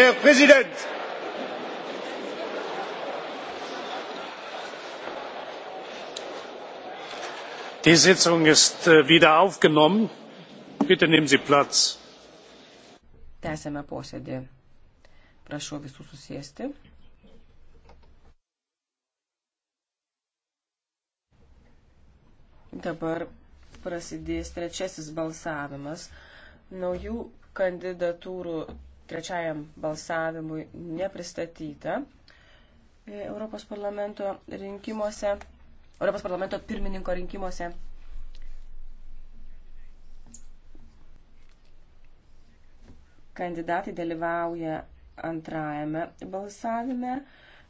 Herr Präsident! Die Sitzung ist äh, wieder aufgenommen. Bitte nehmen Sie Platz. Tęsėme posėdį. Prašau visų susėsti. Dabar prasidės trečiasis balsavimas. Naujų kandidatūrų trečiajam balsavimui nepristatyta e, Europos parlamento rinkimuose, Europos parlamento pirmininko rinkimuose. Kandidatai dalyvauja antrajame balsavime,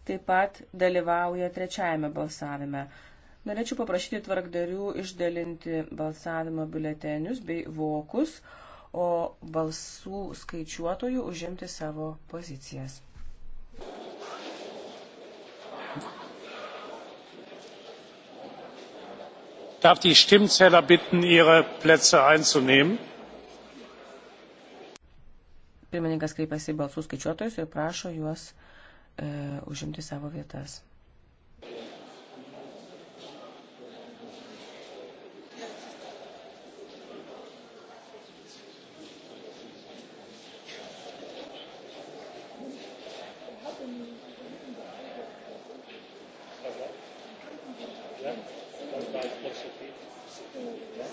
taip pat dalyvauja trečiajame balsavime. Norėčiau paprašyti tvarkdarių išdalinti balsavimo biuletenius bei vokus, o balsų skaičiuotojų užimti savo pozicijas. Darf die Stimmzähler bitten, ihre Plätze einzunehmen? Pirmininkas kreipiasi balsų skaičiuotojus ir prašo juos e, užimti savo vietas. Yeah. That's by philosophy. Yeah.